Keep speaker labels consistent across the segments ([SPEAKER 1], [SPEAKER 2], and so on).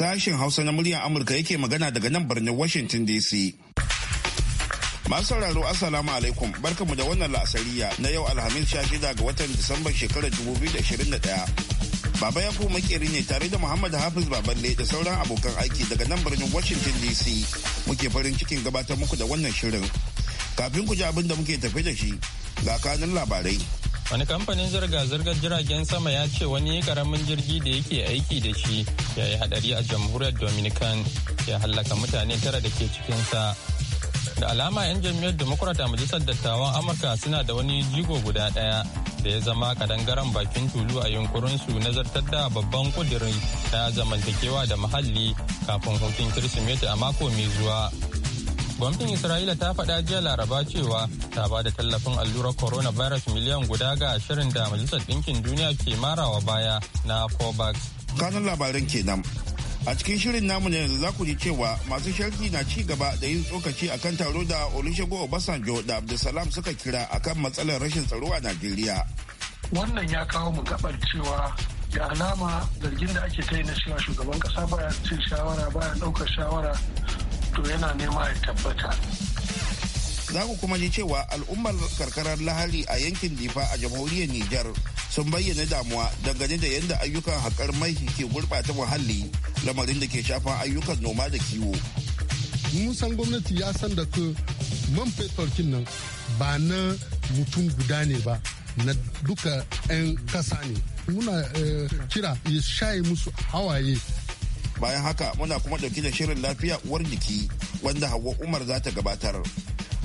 [SPEAKER 1] Sashen Hausa na muryar Amurka yake magana daga nan birnin Washington DC. Masu sauraro Assalamu alaikum barkamu da wannan la'asariya na yau Alhamis sha shida ga watan Disambar shekarar 2021. Baba ya kuma makeri ne tare da Muhammad Hafiz Baballe da sauran abokan aiki daga nan birnin Washington DC muke farin cikin gabatar muku da wannan shirin. Kafin ku ji abin da muke tafe da shi ga kanun labarai.
[SPEAKER 2] wani kamfanin zirga-zirgar jiragen sama ya ce wani karamin jirgi da yake aiki da shi ya yi hadari a jamhuriyar dominican ya hallaka mutane tara da ke cikinsa da alama 'yan jam'iyyar demokrata majalisar dattawan amurka suna da wani jigo guda daya da ya zama kadangaren bakin tulu a yunkurinsu zartar da babban kudirin na zamantakewa da muhalli kafin hutun kirsimeti a mako mai zuwa gwamnatin isra'ila ta faɗa jiya laraba cewa ta ba da tallafin allurar virus miliyan guda ga shirin da majalisar ɗinkin duniya ke marawa baya na covax
[SPEAKER 1] kanan labaran kenan a cikin shirin namu ne za ku ji cewa masu sharki na ci gaba da yin tsokaci a kan taro da olusegun obasanjo da abdulsalam suka kira akan matsalar rashin tsaro a najeriya
[SPEAKER 3] wannan ya kawo mu gabar cewa da alama zargin da ake ta yi na cewa shugaban kasa baya cin shawara baya ɗaukar shawara to yana nema ya tabbata
[SPEAKER 1] za ku kuma ji cewa al'ummar karkarar lahari a yankin difa a jamhuriyar nijar sun bayyana damuwa dangane da yadda ayyukan haƙar mai ke gurɓata muhalli lamarin da ke shafan ayyukan noma da kiwo
[SPEAKER 3] mun san gwamnati ya san da ku man fetur nan ba na mutum guda ne ba na duka 'yan kasa ne muna
[SPEAKER 1] eh, kira
[SPEAKER 3] ya shaye musu
[SPEAKER 1] hawaye bayan haka muna kuma ɗauki da shirin lafiya uwar jiki wanda hawa umar za ta gabatar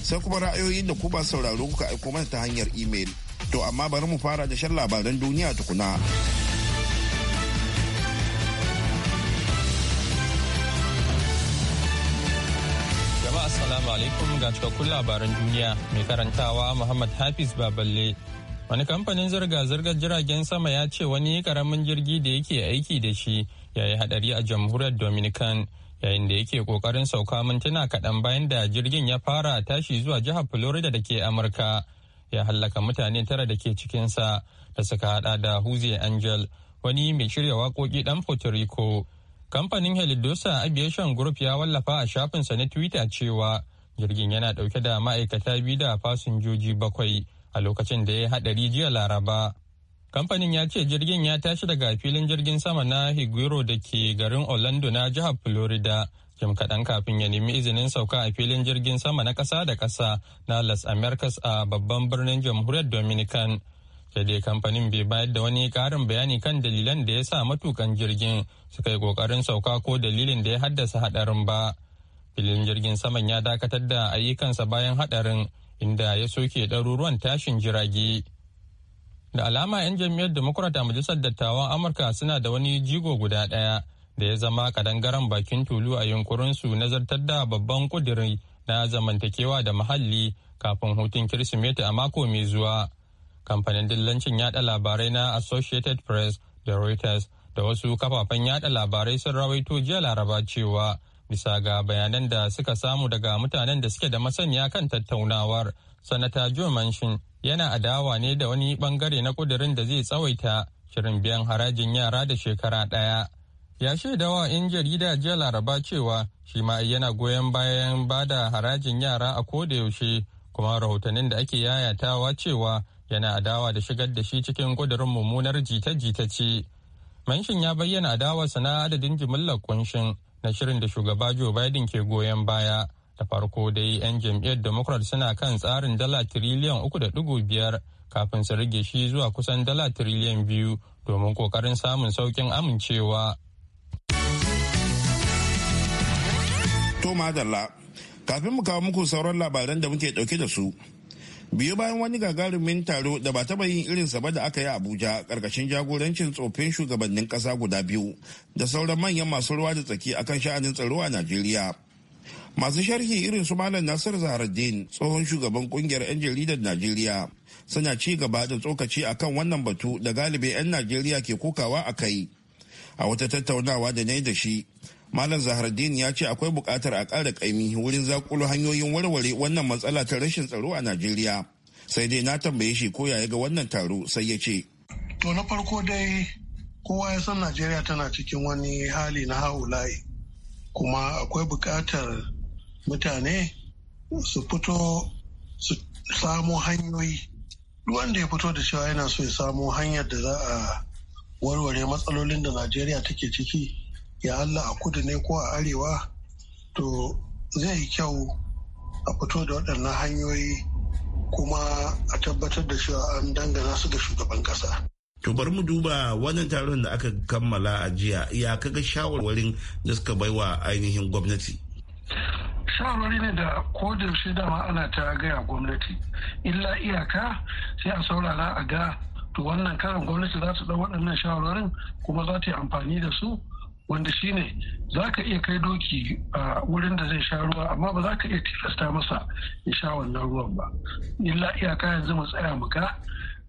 [SPEAKER 1] sai kuma ra'ayoyin da ku ba sauraro kuka aiko mana ta hanyar imel to amma bari mu fara da shan labaran duniya tukuna
[SPEAKER 2] assalamu alaikum ga cikakkun labaran duniya mai karantawa muhammad hafiz baballe wani kamfanin zirga-zirgar jiragen sama ya ce wani karamin jirgi da yake aiki da shi ya yi hadari a jamhuriyar dominican yayin da yake kokarin sauka mintuna kaɗan bayan da jirgin ya fara tashi zuwa jihar florida da ke amurka ya hallaka mutane tara da ke cikinsa da suka hada da huze angel wani mai shirya waƙoƙi ɗan puerto rico kamfanin helidosa aviation group ya wallafa a shafinsa na twitter cewa jirgin yana ɗauke da ma'aikata biyu da fasinjoji bakwai a lokacin da ya haɗari jiya laraba kamfanin ya ce jirgin ya tashi daga filin jirgin sama na higuero da ke garin orlando na jihar florida jim kaɗan kafin ya nemi izinin sauka a filin jirgin sama na ƙasa da ƙasa na las americas a babban birnin jamhuriyar dominican sai dai kamfanin bai bayar da wani ƙarin bayani kan dalilan da ya sa matukan jirgin suka yi ƙoƙarin sauka ko dalilin da ya haddasa haɗarin ba filin jirgin saman ya dakatar da ayyukansa bayan haɗarin inda ya soke ɗaruruwan tashin jirage da alama 'yan jam'iyyar democrat a majalisar dattawan amurka suna da wani jigo guda ɗaya da ya zama kadangaren bakin tulu a yunkurinsu nazartar da babban kudiri na zamantakewa da muhalli kafin hutun kirsimeti a mako mai zuwa kamfanin dillancin yaɗa labarai na associated press da reuters da wasu kafafen yaɗa labarai sun rawaito jiya laraba cewa bisa ga bayanan da suka samu daga mutanen da suke da masaniya kan tattaunawar sanata joe manchin yana adawa ne da wani bangare na kudirin da zai tsawaita shirin biyan harajin yara da shekara ɗaya ya shaidawa in jarida jiya laraba cewa shi ma yana goyon bayan ba da harajin yara a kodayaushe kuma rahotannin da ake yayatawa cewa yana adawa da shigar da shi cikin kudirin mummunar jita-jita ce manshin ya bayyana adawarsa na adadin jimillar kunshin na shirin da shugaba Joe Biden ke goyon baya. Da farko dai 'yan jam'iyyar Democrat suna kan tsarin dala tiriliyan uku da ɗigo biyar kafin su rage shi zuwa kusan dala tiriliyan biyu domin kokarin samun saukin amincewa.
[SPEAKER 1] To madalla, kafin mu kawo muku sauran labaran da muke dauke da su, biyu bayan wani gagarumin taro da ba taba yin irinsa ba da aka yi abuja karkashin jagorancin tsofin shugabannin ƙasa guda biyu da sauran manyan masu ruwa da tsaki akan sha'anin tsaro a najeriya masu sharhi irin su malam nasir zaharaddin tsohon shugaban kungiyar 'yan jaridar najeriya suna ci gaba da tsokaci akan wannan batu da galibi 'yan najeriya ke kokawa a kai a wata tattaunawa da na yi da shi Malam Zahardin ya ce akwai buƙatar a ƙara ƙaimi wurin zakulo hanyoyin warware wannan matsala ta rashin tsaro a Najeriya. Sai dai na tambaye shi ko ya ga wannan taro sai ya ce.
[SPEAKER 3] To na farko dai kowa ya san Najeriya tana cikin wani hali na haula'i kuma akwai buƙatar mutane su fito su samo hanyoyi. Duk wanda ya fito da cewa yana so ya samo hanyar da za a warware matsalolin da Najeriya take ciki. ya Allah a kudu ne ko a arewa to zai yi kyau a fito da waɗannan hanyoyi kuma a tabbatar da cewa an dangana su ga shugaban ƙasa.
[SPEAKER 1] To bari mu duba wannan taron da aka kammala a jiya ya kaga shawarwarin da suka baiwa ainihin gwamnati.
[SPEAKER 3] shawarwari ne da ko da dama ana ta gaya gwamnati illa iyaka sai a saurara a ga to wannan karin gwamnati za su ɗau waɗannan shawarwarin kuma za ta yi amfani da su wanda shine za ka iya kai doki a wurin da zai sha ruwa amma ba za ka iya tilasta masa ya sha wannan ruwan ba illa
[SPEAKER 1] iyaka yanzu mu tsaya mu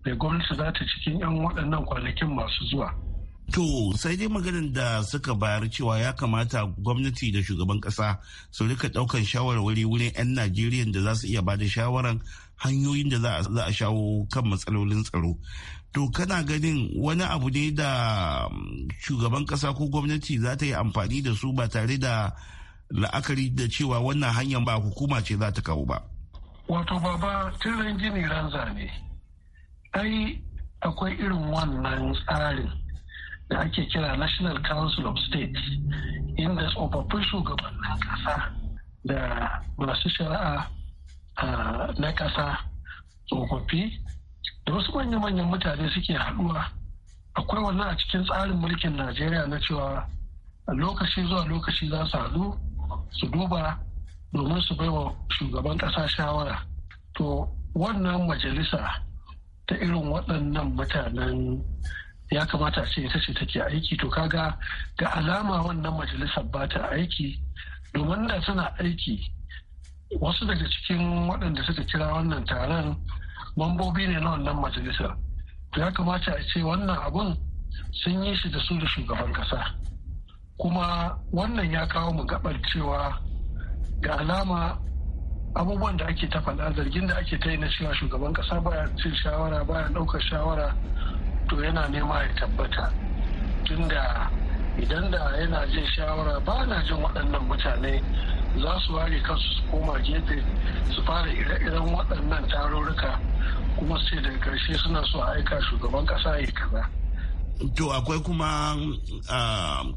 [SPEAKER 1] mai gwamnati za ta cikin 'yan waɗannan kwanakin masu zuwa To sai dai maganin da suka bayar cewa ya kamata gwamnati da shugaban kasa su rika daukan shawarwari wurin 'yan Najeriya da za su iya ba da shawaran hanyoyin da za a shawo kan matsalolin tsaro. to kana ganin wani abu ne da mm, shugaban kasa ko gwamnati za ta yi amfani da su ba tare da la'akari da cewa wannan hanyar ba hukuma ce za ta kawo ba
[SPEAKER 3] wato baba tiran gini ran zane ai akwai irin wannan tsarin da ake kira national council of states inda tsofaffin shugabannin kasa da masu shari'a ah, na kasa tsofaffi da wasu manya-manyan mutane suke haɗuwa akwai wannan a cikin tsarin mulkin najeriya na cewa lokaci zuwa lokaci za su haɗu su duba domin su baiwa shugaban ƙasa shawara to wannan majalisa ta irin waɗannan mutanen ya kamata ce ita ce take aiki to kaga ga alama wannan majalisar ba ta aiki domin da suna aiki wasu daga cikin waɗanda suka kira wannan taron mambobi ne na wannan majalisar ya kamata a ce wannan abun sun yi shi da su da shugaban kasa kuma wannan ya kawo mu gabar cewa ga alama abubuwan da ake ta faɗa zargin da ake ta yi na cewa shugaban kasa baya cin shawara baya ɗaukar shawara to yana nema ya tabbata tunda idan da yana jin shawara ba na jin waɗannan mutane za su ware kansu su koma gefe su fara ire-iren waɗannan tarurruka kuma sai daga karshe suna so a aika shugaban kasa ya kaza
[SPEAKER 1] to akwai kuma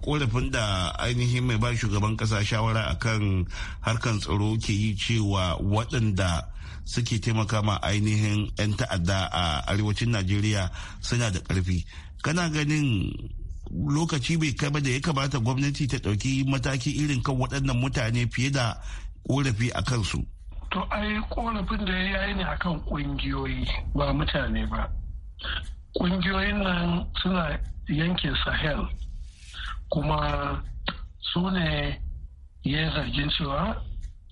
[SPEAKER 1] korafin da ainihin mai ba shugaban kasa shawara akan harkar tsaro ke yi cewa waɗanda suke taimaka ma ainihin 'yan ta'adda a arewacin najeriya suna da ƙarfi kana ganin lokaci bai kai ba da ya kamata gwamnati ta ɗauki mataki irin kan waɗannan mutane fiye da korafi a kansu
[SPEAKER 3] to ai korafin da ya yi ne akan kungiyoyi ba mutane ba kungiyoyin nan suna yankin sahel kuma su ne ya zargin cewa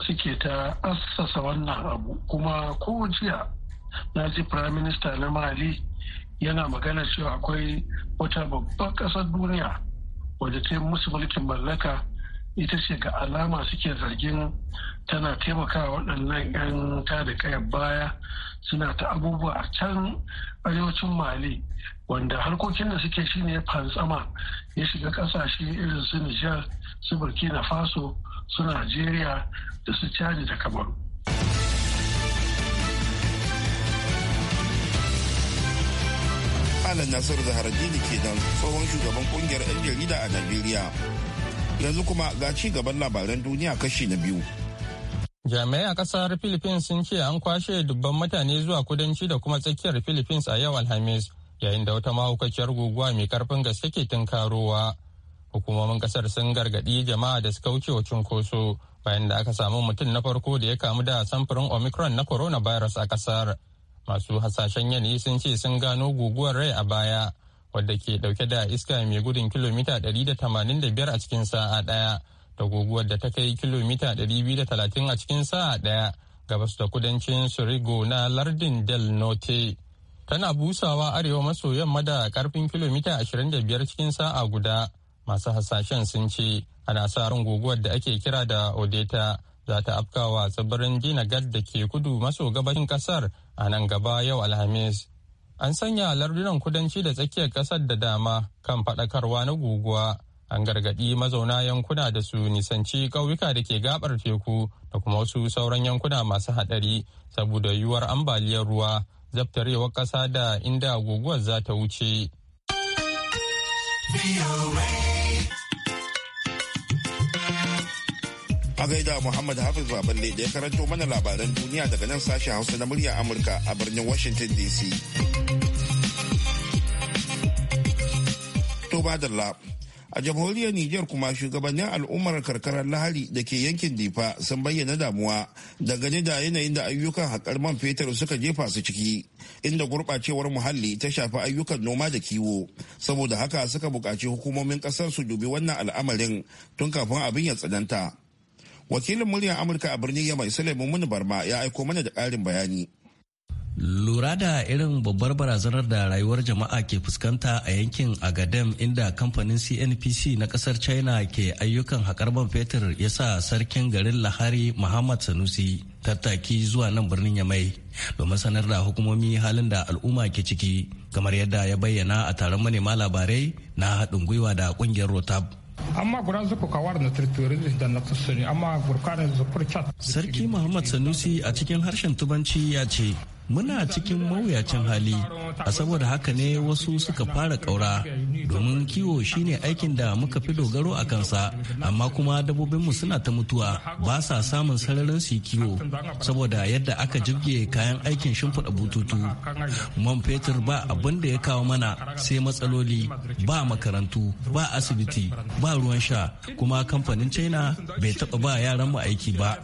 [SPEAKER 3] suke ta assasa wannan abu kuma ko jiya na ji prime minister na mali yana magana cewa akwai wata babbar ƙasar duniya wadda ta yi musu mulkin mallaka ita ce ga alama suke zargin tana taimakawa waɗannan 'yan da kayan baya suna ta abubuwa a can arewacin mali wanda harkokin da suke shine ya fantsama ya shiga ƙasashe irin su nijar su burkina faso su
[SPEAKER 1] najeriya da su cadi da kamaru Alan Nasiru ke nan tsohon shugaban kungiyar 'yan jarida a Najeriya. yanzu kuma ga ci gaban labaran duniya kashi na biyu
[SPEAKER 2] jami'ai a kasar philippines sun ce an kwashe dubban mutane zuwa kudanci da kuma tsakiyar philippines a yau alhamis yayin da wata mahaukaciyar guguwa mai karfin gaske ke tunkarowa hukumomin kasar sun gargadi jama'a da suka wuce wa cunkoso bayan da aka samu mutum na farko da ya kamu da samfurin omicron na coronavirus a kasar masu hasashen yanayi sun ce sun gano guguwar rai a baya wadda ke dauke da iska mai gudun kilomita 185 a cikin sa'a daya da guguwar da ta kai kilomita 230 a cikin sa'a daya gabas da kudancin surigo na lardin del norte tana busawa arewa maso yamma da karfin kilomita 25 cikin sa'a guda masu hasashen sun ce ana sa ran guguwar da ake kira da odeta za ta afkawa tsibirin dinagar da ke kudu maso gabashin kasar a nan gaba yau alhamis an sanya lardunan kudanci da tsakiyar ƙasar da dama kan faɗakarwa na guguwa an gargaɗi mazauna yankuna da su nisanci ƙauyuka da ke gabar teku da kuma wasu sauran yankuna masu haɗari saboda yiwuwar ambaliyar ruwa zaftarewar ƙasa da inda guguwar za ta wuce.
[SPEAKER 1] A gaida Muhammad Hafiz Baballe da ya karanto mana labaran duniya daga nan sashen Hausa na murya Amurka a birnin Washington DC. To badalla. A jamhuriyar Nijar kuma shugabannin al'ummar karkarar lahari da ke yankin Difa sun bayyana damuwa dangane da yanayin da ayyukan haƙar man fetur suka jefa su ciki, inda gurɓacewar muhalli ta shafi ayyukan noma da kiwo. Saboda haka suka buƙaci hukumomin ƙasar su dubi wannan al'amarin tun kafin abin ya tsananta. Wakilin muryar Amurka a birnin Yamai Suleiman Muni Barma ya aiko mana da ƙarin bayani.
[SPEAKER 4] Lura da irin babbar barazanar da rayuwar jama'a ke fuskanta a yankin Agadem inda kamfanin CNPC na kasar China ke ayyukan haƙar man fetur ya sa sarkin garin Lahari Muhammad Sanusi tattaki zuwa nan birnin Yamai domin sanar da hukumomi halin da al'umma ke ciki kamar yadda ya bayyana a taron manema labarai
[SPEAKER 1] na haɗin gwiwa da ƙungiyar Rotab. amma guda zuku kawar na tirtirin da na amma gurkanin zukur
[SPEAKER 4] sarki muhammad sanusi a cikin harshen tubanci ya ce muna cikin mawuyacin hali a saboda haka ne wasu suka fara ƙaura domin kiwo shine aikin da muka fi dogaro a kansa amma kuma dabbobinmu suna ta mutuwa ba sa samun sararin su kiwo saboda yadda aka jirge kayan aikin shimfiɗa bututu man fetur ba abin da ya kawo mana sai matsaloli ba makarantu ba asibiti ba ruwan sha kuma kamfanin china bai taɓa ba yaran mu aiki ba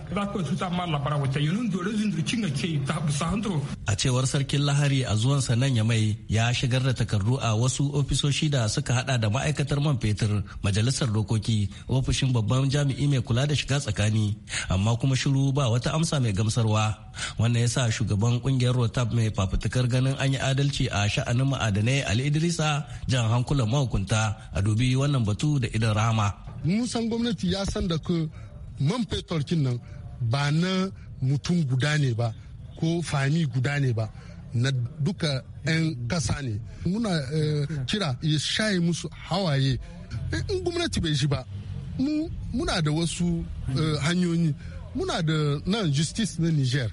[SPEAKER 4] A cewar sarkin lahari a zuwansa nan ya mai ya shigar da takardu a wasu ofisoshi da suka hada da ma'aikatar man fetur, majalisar dokoki, ofishin babban jami'i mai kula da shiga tsakani, amma kuma shiru ba wata amsa mai gamsarwa. Wannan ya sa shugaban kungiyar Rotab mai fafutukar ganin an yi adalci a sha'anin ma'adanai Ali Idrisa jan hankulan mahukunta a dubi wannan batu da idan rama.
[SPEAKER 3] Mun san gwamnati ya san da man fetur nan ba na mutum guda ne ba ko fami guda ne ba na duka 'yan kasa ne muna eh, kira ya shaye musu hawaye eh, in gwamnati bai shi ba muna da wasu eh, hanyoyi muna da nan justice na niger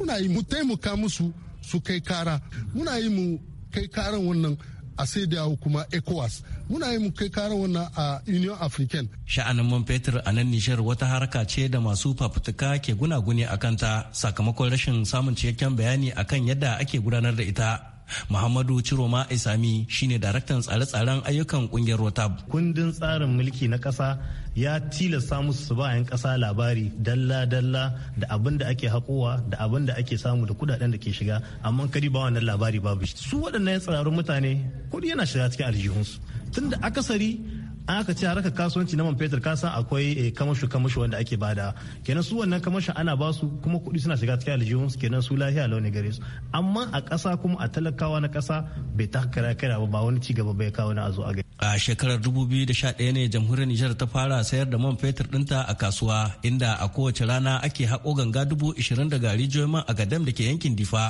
[SPEAKER 3] muna yi mu taimaka musu su kai kara muna yi mu kai karan wannan a sai kuma ecowas muna yin kai karan wannan a union african
[SPEAKER 4] sha'anin man fetur a nan nishar wata haraka ce da masu fafutuka ke gunaguni a kanta sakamakon rashin samun cikakken bayani akan yadda ake gudanar da ita Muhammadu Ciroma Isami shine daraktan tsare-tsaren ayyukan kungiyar Rotab. Kundin tsarin mulki na ƙasa ya tilasta musu su ba 'yan ƙasa labari dalla-dalla da abin da ake haƙowa da abin da ake samu da kudaden da ke shiga amma kadi ba wannan labari babu su waɗannan tsararrun mutane kudi yana shiga cikin aljihunsu tunda akasari an aka ce a raka kasuwanci na man fetur kasa akwai kamashu eh, kamashu wanda ake bada kenan su wannan kamashin ana ba su kuma kuɗi suna shiga cikin aljihun su kenan su lahiya launin gare su amma a kasa kuma a talakawa na kasa bai ta kira kira ba wani ci gaba bai kawo na a zo a gari. a shekarar 2011 ne jamhuriyar nijar ta fara sayar da man fetur ɗinta a kasuwa inda a kowace rana ake haƙo ganga dubu ishirin daga rijiyoyin a gadam da ke yankin difa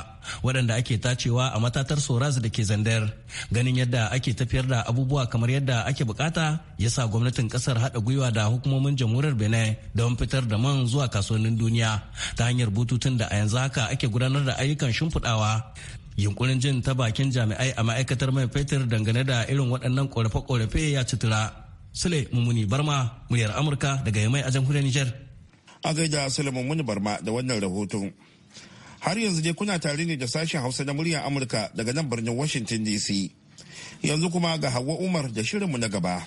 [SPEAKER 4] waɗanda ake tacewa a matatar soras da ke zandar ganin yadda ake tafiyar da abubuwa kamar yadda ake bukata ya sa gwamnatin kasar haɗa gwiwa da hukumomin jamhuriyar benin don fitar da man zuwa kasuwannin duniya ta hanyar bututun da a yanzu haka ake gudanar da ayyukan shimfiɗawa yunkurin jin ta bakin jami'ai a ma'aikatar mai fetur dangane da irin waɗannan ƙorafe-ƙorafe ya citura sule mummuni barma muryar amurka daga yamai a jamhuriyar nijar
[SPEAKER 1] a gaida sule mummuni barma da wannan rahoton har yanzu dai kuna tare ne da sashen hausa na muryar amurka daga nan birnin washington dc yanzu kuma ga hawa umar da shirinmu na gaba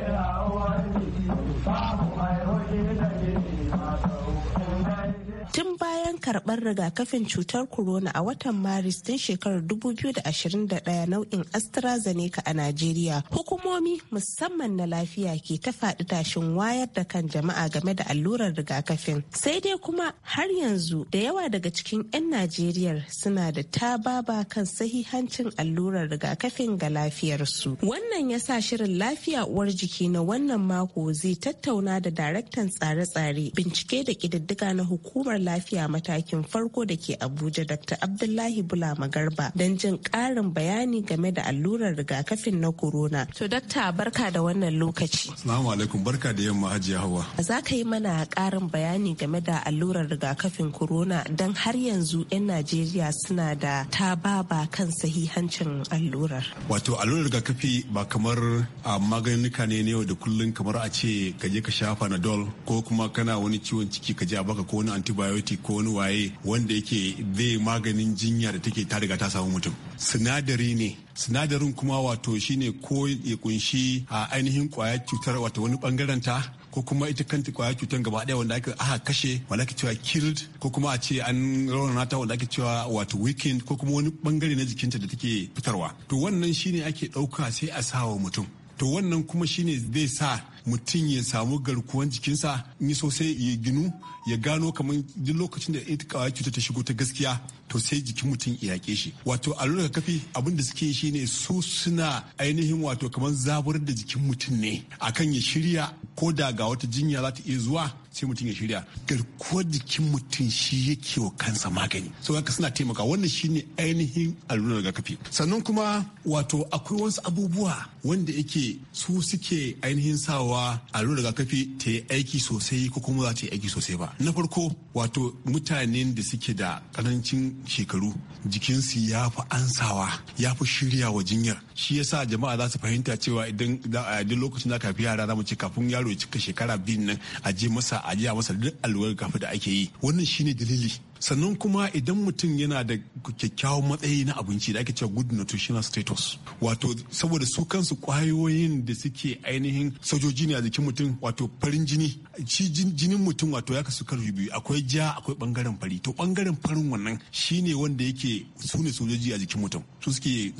[SPEAKER 5] tun bayan karɓar rigakafin cutar corona a watan maris din shekarar 2021 nau'in astrazeneca a najeriya hukumomi musamman na lafiya ke ta faɗi tashin wayar da kan jama'a game da allurar rigakafin sai dai kuma har yanzu da yawa daga cikin 'yan najeriya suna da tababa kan sahihancin allurar rigakafin ga lafiyarsu wannan ya sa shirin lafiya uwar jiki na wannan mako zai tattauna da daraktan tsare-tsare bincike da ƙididdiga na hukumar lafiya matakin farko da ke Abuja Dr. Abdullahi Bula Magarba, don jin karin bayani game da allurar rigakafin na corona. To dakta barka da wannan lokaci.
[SPEAKER 6] salamu alaikum barka da yamma Hajiya Hawa.
[SPEAKER 5] Za ka yi mana karin bayani game da allurar rigakafin corona don har yanzu 'yan Najeriya suna da ta ba ba kan sahihancin allurar.
[SPEAKER 6] Wato allurar rigakafi ba kamar a ah, maganinka ne yau da kullum kamar a ce ka je ka sha panadol ko kuma kana wani ciwon ciki ka je a baka ko wani antibiotic antibiotic ko wani waye wanda yake zai maganin jinya da take ta riga ta samu mutum sinadari ne sinadarin kuma wato shine ko ya kunshi a ainihin kwaya cutar wato wani bangaren ta ko kuma ita kanta kwaya cutar gaba daya wanda aka aha kashe wanda ake cewa killed ko kuma a ce an raunana ta wanda ake cewa wato weekend ko kuma wani bangare na jikinta da take fitarwa to wannan shine ake dauka sai a sawa mutum to wannan kuma shine zai sa mutum ya samu garkuwan jikinsa in yi sosai ya ginu ya gano kamar duk lokacin da ita kawai cuta ta shigo ta gaskiya to sai jikin mutum ya yaƙe shi wato lura kafi abin da suke shi ne su suna ainihin wato kamar zabar da jikin mutum ne akan ya shirya ko da ga wata jinya za ta iya zuwa sai mutum ya shirya garkuwar jikin mutum shi yake wa kansa magani so haka suna taimaka wannan shine ainihin allurar rigakafi sannan kuma wato akwai wasu abubuwa wanda yake su suke ainihin sawa cewa allurar rigakafi ta yi aiki sosai ko kuma za ta yi aiki sosai ba na farko wato mutanen da suke da karancin shekaru jikinsu ya fi ansawa ya fi shirya wa jinyar shi yasa jama'a za su fahimta cewa idan idan lokacin da kafi yara za mu ce kafin yaro ya cika shekara biyu nan a je masa a je masa duk allurar rigakafi da ake yi wannan shine dalili sannan kuma idan mutum yana da kyakkyawan matsayi na abinci da ake cewa good nutritional status wato saboda su kansu kwayoyin da suke ainihin sojoji ne a jikin mutum wato farin jini shi jinin mutum wato ya kasu karfi biyu akwai ja akwai bangaren fari to bangaren farin wannan shine wanda yake su ne sojoji a jikin mutum su suke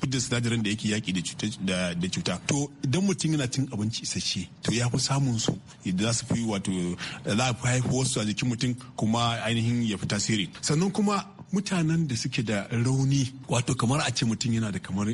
[SPEAKER 6] fidda sinadarin da yake yaki da cuta to idan mutum yana cin abinci isasshe to ya fi samun su idan za su fi wato za a fi haifuwar su a jikin mutum kuma ainihin ya fi tasiri sannan kuma mutanen da suke da rauni wato kamar a ce mutum yana da kamar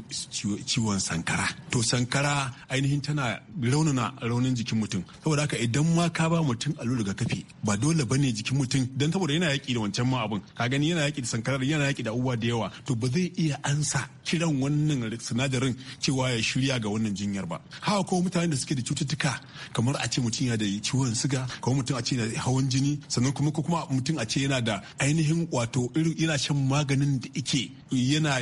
[SPEAKER 6] ciwon sankara to sankara ainihin tana raunana raunin jikin mutum saboda haka idan ma ka ba mutum allo kafi ba dole bane jikin mutum dan saboda yana yaki da wancan ma abin ka gani yana yaki da sankara yana yaki da abubuwa da yawa to ba zai iya ansa kiran wannan sinadarin cewa ya shirya ga wannan jinyar ba haka kuma mutanen da suke da cututtuka kamar a ce mutum yana da ciwon siga kamar mutum a ce yana da hawan jini sannan kuma ko kuma mutum a ce yana da ainihin wato irin yana shan maganin da ike yana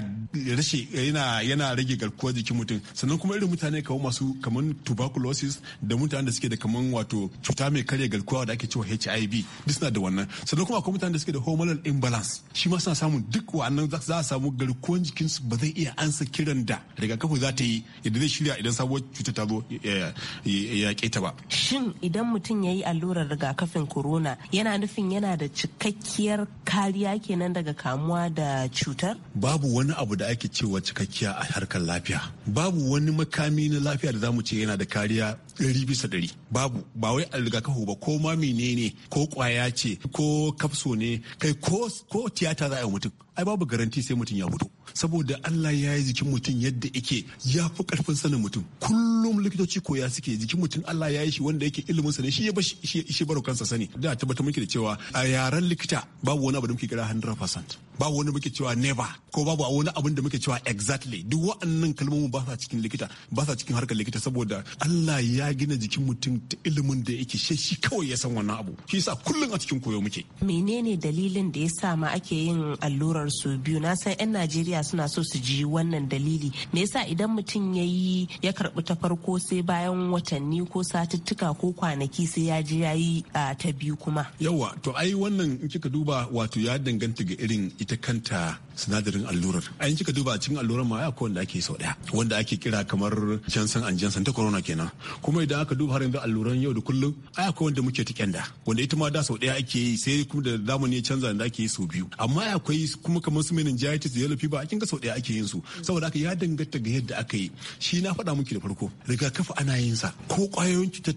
[SPEAKER 6] rage garkuwar jikin mutum sannan kuma irin mutane kawo masu kamar tuberculosis da mutanen da suke da kamar wato cuta mai karya garkuwa da ake cewa HIV duk suna da wannan sannan kuma akwai mutanen da suke da hormonal imbalance shi ma suna samun duk wannan za a samu garkuwar su ba zai iya ansa kiran da rigakafi za ta yi idan zai shirya idan sabuwar cuta ta zo ya keta ba
[SPEAKER 5] shin idan mutum ya yi allurar rigakafin corona yana nufin yana da cikakkiyar kariya kenan daga kamuwa da cutar?
[SPEAKER 6] Babu wani abu da ake cewa cikakkiya a harkar lafiya. Babu wani makami na lafiya da za mu ce yana da kariya ɗari bisa ɗari babu ba wai a ba ko ma menene ko kwaya ce ko kafso ne kai ko tiyata za a yi mutum ai babu garanti sai mutum ya fito saboda Allah ya yi jikin mutum yadda yake ya fi karfin sanin mutum kullum likitoci ya suke jikin mutum Allah ya yi shi wanda yake ilimin sa ne shi ya shi baro kansa sani da tabbatar muke da cewa a yaran likita babu wani abu da muke kira 100% babu wani muke cewa never ko babu wani abin da muke cewa exactly duk wa'annan kalmomin ba sa cikin likita ba sa cikin harkar likita saboda Allah ya ya gina jikin mutum ta ilimin da yake shi kawai ya san wannan abu shi yasa kullum a cikin koyo muke
[SPEAKER 5] menene dalilin da ya sa ma ake yin allurar su biyu na san yan Najeriya suna so su ji wannan dalili me yasa idan mutum ya yi ya karbi ta farko sai bayan watanni ko satuttuka ko kwanaki sai ya ji ya yi ta biyu kuma yawa
[SPEAKER 6] to ai wannan in kika duba wato ya danganta ga irin ita kanta sinadarin allurar a yanzu ka duba a cikin allurar ma akwai wanda ake sau daya wanda ake kira kamar jansan an jansan ta corona kenan kuma idan aka duba har yanzu alluran yau da kullum ai akwai wanda muke tikenda wanda ita ma da sau daya ake yi sai kuma da zamani ya canza da ake yi sau biyu amma akwai kuma kamar su meningitis da yellow fever a kinga sau daya ake yin su saboda haka ya danganta ga yadda aka yi shi na faɗa muke da farko rigakafi ana yin sa ko kwayoyin cutar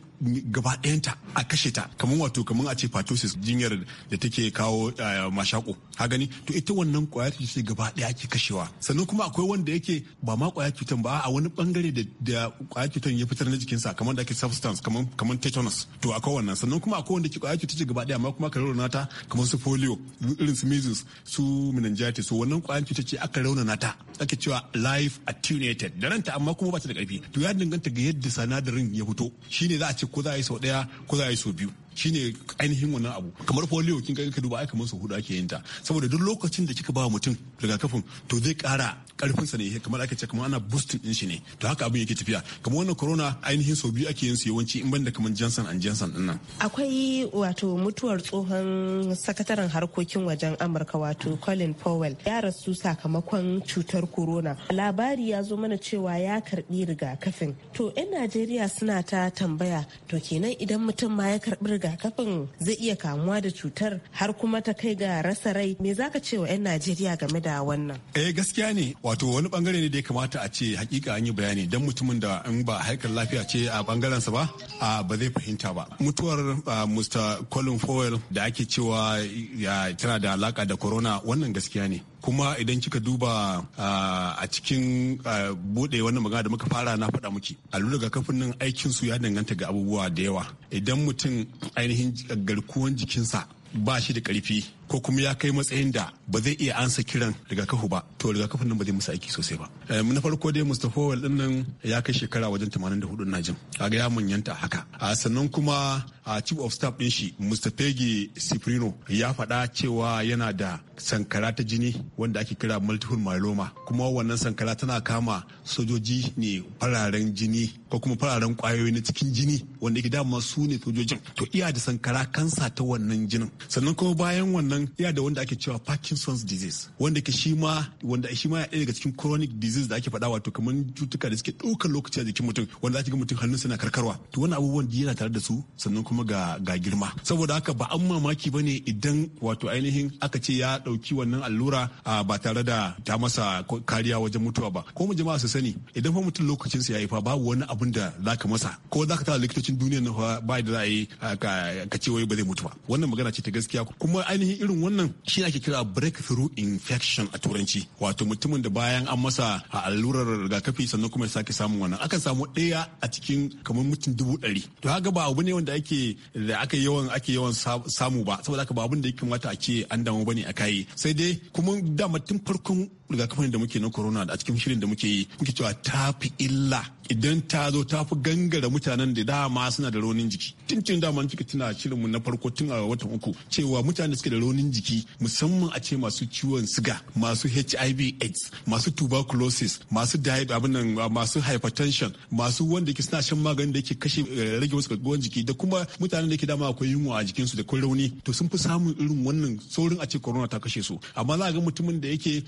[SPEAKER 6] gaba ta a kashe ta kamar wato kamar a ce patosis jinyar da take kawo eh, mashako ha gani to ita wannan kwayar ce gaba ɗaya ake kashewa sannan kuma akwai wanda yake ba ma kwaya cutan ba a wani bangare da kwaya cutan ya fitar na jikinsa kamar da ake substance kamar kamar tetanus to akwai wannan sannan kuma akwai wanda ke kwaya cutan gaba ɗaya amma kuma ka raunana ta kamar su polio irin su measles su meningitis wannan kwaya cuta ce aka raunana ta ake cewa life attenuated da ranta amma kuma ba ta da ƙarfi to ya danganta ga yadda sanadarin ya fito shine za a ce ko za a yi sau ɗaya ko za a yi sau biyu shine ainihin wannan abu kamar polio kin ga ka duba ai kamar su hudu ake yin ta saboda duk lokacin da kika ba mutum rigakafin to zai kara karfin sa ne kamar ake ce kamar ana boosting din shi ne to haka abin yake tafiya kamar wannan corona ainihin sau biyu ake yin su yawanci in banda kamar Johnson and Johnson din nan
[SPEAKER 5] akwai wato mutuwar tsohon sakataren harkokin wajen Amurka wato Colin Powell ya rasu sakamakon cutar corona labari ya zo mana cewa ya karbi rigakafin to 'yan Najeriya suna ta tambaya to kenan idan mutum ma ya karbi rigakafin rigakafin zai iya kamuwa da cutar har kuma ta kai ga rasa rai me zaka ce wa 'yan Najeriya game da wannan?
[SPEAKER 6] Eh gaskiya ne wato wani bangare ne da ya kamata a ce hakika an yi bayani dan mutumin da in ba haikar lafiya ce a bangaren sa ba a ba zai fahimta ba. Mutuwar Mr. Colin fowell da ake cewa tana da alaka da corona wannan gaskiya ne. kuma idan kika duba ah, a cikin ah, bude wannan magana da muka fara na faɗa miki allurar rigakafin nan aikin su ya danganta ga abubuwa da yawa idan mutum ainihin garkuwan jikinsa ba shi da karfi ko kuma ya kai matsayin da ba zai iya ansa kiran rigakafi ba to rigakafin nan ba zai musu aiki sosai ba na farko dai mustapha wal din ya kai shekara wajen 84 na jin kaga ya manyanta haka a sannan kuma a chief of staff din shi mustapegi siprino ya faɗa cewa yana da sankara ta jini wanda ake kira multiple myeloma kuma wannan sankara tana kama sojoji ne fararen jini ko kuma fararen kwayoyi na cikin jini wanda ke dama su ne sojojin to iya da sankara kansa ta wannan jinin sannan kuma bayan wannan nan yana da wanda ake cewa Parkinson's disease wanda ke shi ma wanda shi ma ya daga cikin chronic disease da ake faɗa wato kamar cutuka da suke ɗaukar lokaci a jikin mutum wanda ake ga mutum hannun suna karkarwa to wannan abubuwan yana tare da su sannan kuma ga ga girma saboda haka ba an mamaki ne idan wato ainihin aka ce ya ɗauki wannan allura ba tare da ta masa kariya wajen mutuwa ba ko mu jama'a su sani idan fa mutum lokacin ya yi fa babu wani abin da za ka masa ko ka tara likitocin duniya nan ba da za a yi ka ce wai ba zai mutu ba wannan magana ce ta gaskiya kuma ainihin irin wannan shi ake kira breakthrough infection a turanci wato mutumin da bayan an masa a allurar rigakafi sannan kuma ya sake samun wannan akan samu ɗaya a cikin kamar mutum dubu ɗari to haka ba abu ne wanda ake da aka yawan ake yawan samu ba saboda haka ba abin da ya kamata a ce an damu bane a kai sai dai kuma da tun farkon rigakafin da muke na corona a cikin shirin da muke yi muke cewa ta fi illa idan ta zo ta fi gangara mutanen da dama suna da raunin jiki tun tun dama kika tuna shirin mu na farko tun a watan uku cewa mutanen da suke da raunin jiki musamman a ce masu ciwon siga masu HIV AIDS masu tuberculosis masu abin nan masu hypertension masu wanda ke suna shan maganin da ke kashe eh, rage wasu garkuwar jiki da kuma mutanen da ke dama akwai yunwa a su da kun rauni to sun fi samun irin wannan saurin a ce corona ta kashe su amma za a ga mutumin da yake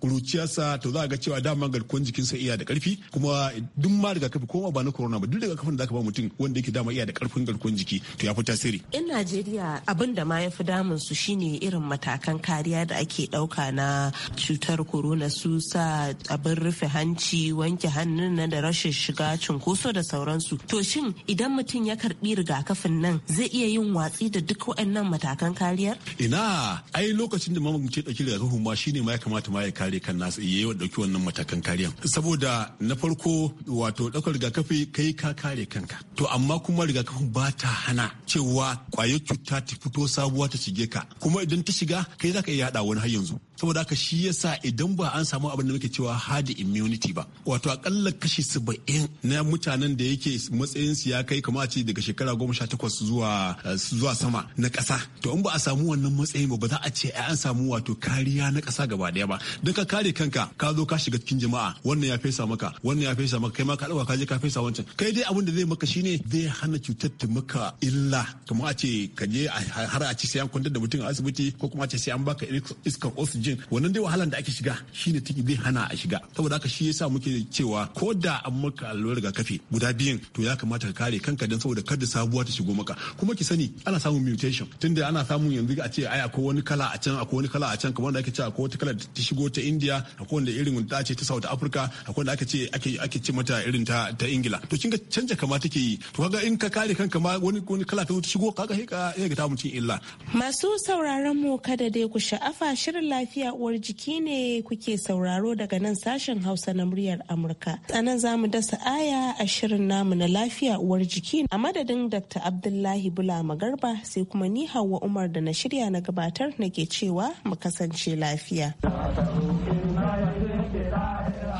[SPEAKER 6] kuruciyarsa to za a ga cewa dama garkuwar jikinsa iya da karfi kuma duk ma rigakafi ko ba na corona ba duk rigakafin da aka ba mutum wanda yake dama iya da karfin garkuwar jiki to ya fi tasiri.
[SPEAKER 5] In Najeriya abin da ma ya fi damun su shine irin matakan kariya da ake dauka na cutar corona su sa abin rufe hanci wanke hannun nan da rashin shiga cunkoso da sauransu. To shin idan mutum ya karbi rigakafin nan zai iya yin watsi da duk waɗannan matakan kariyar? Ina ai
[SPEAKER 6] lokacin da mamakin ce ɗauki rigakafin ma shine ma ya kamata ma ya kare kan nasu iya eh, yawan dauki wannan matakan kariya saboda na farko wato daukar rigakafi kai ka kare kanka to amma kuma rigakafi ba ta hana cewa kwayar cuta ta fito sabuwa ta shige ka kuma idan ta shiga kai za ka iya yaɗa wani har yanzu saboda haka shi yasa idan ba an samu abin da muke cewa hard immunity ba wato akalla kashi saba'in na mutanen da yake matsayin su ya kai kamar a ce daga shekara goma sha takwas zuwa eh, zuwa sama na ƙasa to in ba a samu wannan matsayin ba za a ce an samu wato kariya na kasa gaba daya ba don ka kare kanka ka zo ka shiga cikin jama'a wannan ya fesa maka wannan ya fesa maka kai ma ka ɗauka ka je ka fesa wancan kai dai abin da zai maka shine zai hana cutar ta maka illa kamar a ce ka je har a ci sai an kwantar da mutum a asibiti ko kuma a ce sai an baka iskar oxygen jin wannan dai wahalan da ake shiga shine tiki zai hana a shiga saboda haka shi yasa muke cewa ko da an maka allurar rigakafi guda biyun to ya kamata ka kare kanka dan saboda kada sabuwa ta shigo maka kuma ki sani ana samun mutation tunda ana samun yanzu a ce ai akwai wani kala a can akwai wani kala a can kamar da ake cewa akwai wata kala ta shigo ta India akwai wanda irin wanda ta ce ta South Africa akwai wanda ake ce ake ake ce mata irin ta ta Ingila to kinga canja kama take yi to kaga in ka kare kanka ma wani wani kala ta shigo kaga sai ka ta mutum illa
[SPEAKER 5] masu sauraron mu kada dai ku sha'afa shirin lafiya lafiya uwar jiki ne kuke sauraro daga nan sashen Hausa na muryar Amurka. A nan za mu dasa aya a shirin namu na lafiya uwar jiki a madadin Dr. Abdullahi Bula Magarba sai kuma ni Hauwa Umar da na shirya na gabatar nake cewa mu kasance lafiya.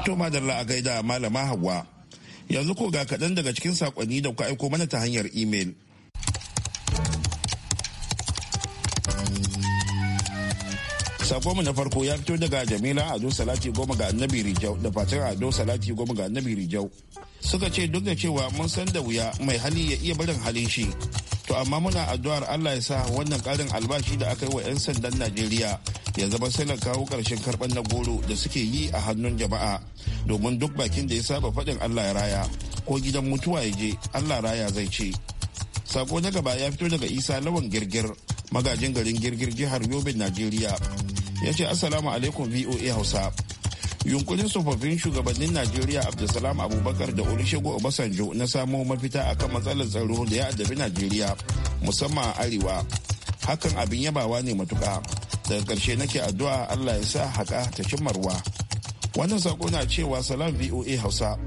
[SPEAKER 1] To madalla a gaida malama Hauwa. Yanzu ko ga kaɗan daga cikin saƙonni da ku aiko mana ta hanyar imel. mu na farko ya fito daga jamila ado salati goma ga annabi rijau da fatan ado salati goma ga annabi rijau suka ce duk da cewa mun san da wuya mai hali ya iya barin halin shi to amma muna addu'ar allah ya sa wannan karin albashi da aka yi wa 'yan sandan najeriya ya zama sanar kawo karshen karban na goro da suke yi a hannun jama'a domin duk bakin da ya saba faɗin allah ya raya ko gidan mutuwa ya je allah raya zai ce sako na gaba ya fito daga isa lawan girgir magajin garin girgir jihar yobe najeriya ya ce assalamu alaikum voa hausa yunkurin tsofaffin shugabannin najeriya abdulsalam abubakar da olusegun obasanjo na samo mafita akan matsalar tsaro da ya addabi najeriya musamman a arewa hakan abin yabawa ne matuka daga karshe nake addu'a allah ya sa haka ta cimma ruwa. wannan sako na cewa salam voa hausa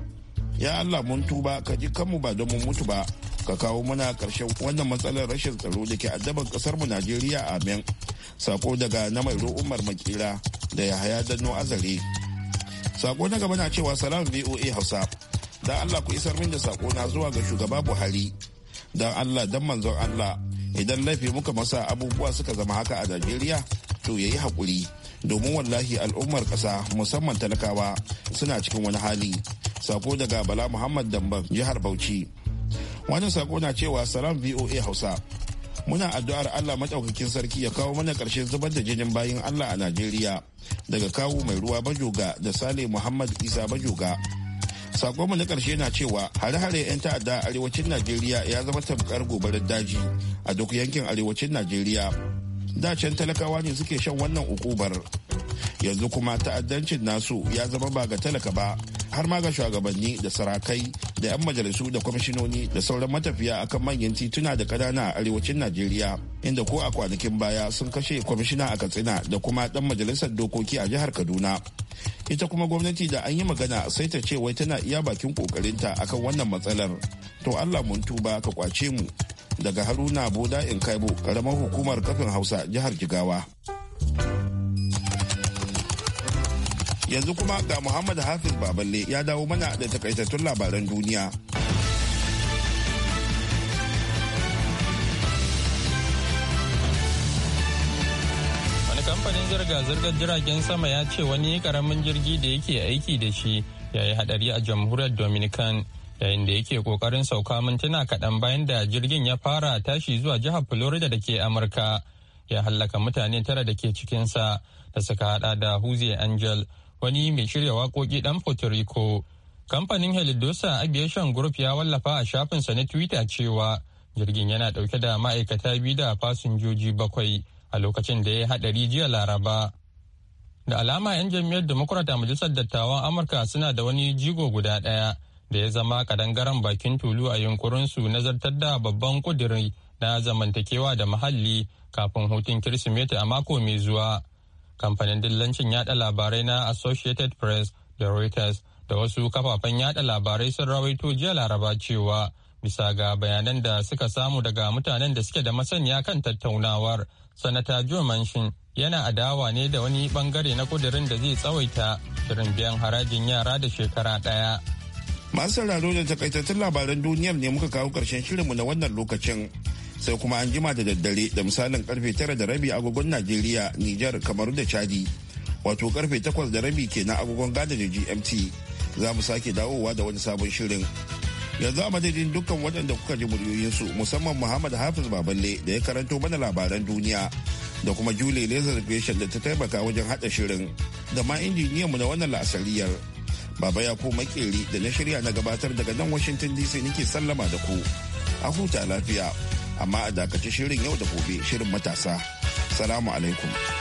[SPEAKER 1] ya allah mun tuba ka ji kanmu ba don mun mutu ba ka kawo muna ƙarshen wannan matsalar rashin tsaro da ke addaban ƙasar mu najeriya amin sako daga na mai umar makira da ya haya danno azare sako na gaba na cewa salam voa hausa da allah ku isar min da sako na zuwa ga shugaba buhari don allah dan manzon allah idan laifi muka masa abubuwa suka zama haka a najeriya to yayi haƙuri domin wallahi al'ummar ƙasa musamman talakawa suna cikin wani hali sako daga bala muhammad damban jihar bauchi wani sako na cewa salam voa hausa muna addu'ar allah maɗaukakin sarki ya kawo mana ƙarshen zubar da jinin bayin allah a najeriya daga kawu mai ruwa bajoga da sale muhammad isa bajoga sakonmu na ƙarshe na cewa hare-hare 'yan ta'adda arewacin najeriya ya zama tamkar gobarar daji a duk yankin arewacin najeriya dacen talakawa ne suke shan wannan ukubar yanzu kuma ta'addancin nasu ya zama ba ga talaka ba har ma ga shugabanni da sarakai da 'yan majalisu da kwamishinoni da sauran matafiya akan manyan tituna da kanana a arewacin najeriya inda ko a kwanakin baya sun kashe kwamishina a katsina da kuma dan majalisar dokoki a jihar kaduna ita kuma gwamnati da an yi magana sai ta ce wai tana iya bakin kokarinta akan wannan matsalar to allah mun tuba ka kwace mu daga haruna boda in kaibo karamar hukumar kafin hausa jihar jigawa yanzu kuma ga muhammad hafiz baballe ya dawo mana da takaitattun labaran duniya
[SPEAKER 2] kamfanin zirga-zirgar jiragen sama ya ce wani karamin jirgi da yake aiki da shi ya yi hadari a jamhuriyar dominican yayin da yake kokarin sauka mintuna kaɗan bayan da jirgin ya fara tashi zuwa jihar florida da ke amurka ya hallaka mutane tara da ke cikinsa da suka hada da huze angel wani mai shirya waƙoƙi ɗan puerto rico kamfanin helidosa aviation group ya wallafa a shafin sa na twitter cewa jirgin yana ɗauke da ma'aikata biyu da fasinjoji bakwai a lokacin da ya haɗari jiya laraba da alama 'yan jam'iyyar democrat a majalisar dattawan amurka suna da wani jigo guda ɗaya da ya zama kadangaren bakin tulu a yunkurinsu na zartar da babban kudiri na zamantakewa da muhalli kafin hutun kirsimeti a mako mai zuwa kamfanin dillancin yada labarai na associated press da reuters da wasu kafafen yada labarai sun rawaito jiya laraba cewa bisa ga bayanan da suka samu daga mutanen da suke da masaniya kan tattaunawar sanata joe manchin yana adawa ne da wani bangare na kudirin da zai tsawaita shirin biyan harajin yara da shekara daya
[SPEAKER 1] Masu sauraro da takaitattun labaran duniyar ne muka kawo karshen shirinmu na wannan lokacin. Sai kuma an jima da daddare da misalin karfe tara da rabi agogon Najeriya, Nijar, kamar da Chadi. Wato karfe takwas da rabi ke na agogon gada da GMT. Za mu sake dawowa da wani sabon shirin. Yanzu a madadin dukkan waɗanda kuka ji muryoyinsu musamman Muhammad Hafiz Baballe da ya karanto mana labaran duniya. da kuma Julie laser da ta taimaka wajen haɗa shirin da ma injiniyanmu na wannan la'asariyar. Baba ya ko makeri da na shirya na gabatar daga nan Washington DC nake sallama da ku. A huta lafiya, amma a dakace shirin yau da gobe shirin matasa. Salamu alaikum.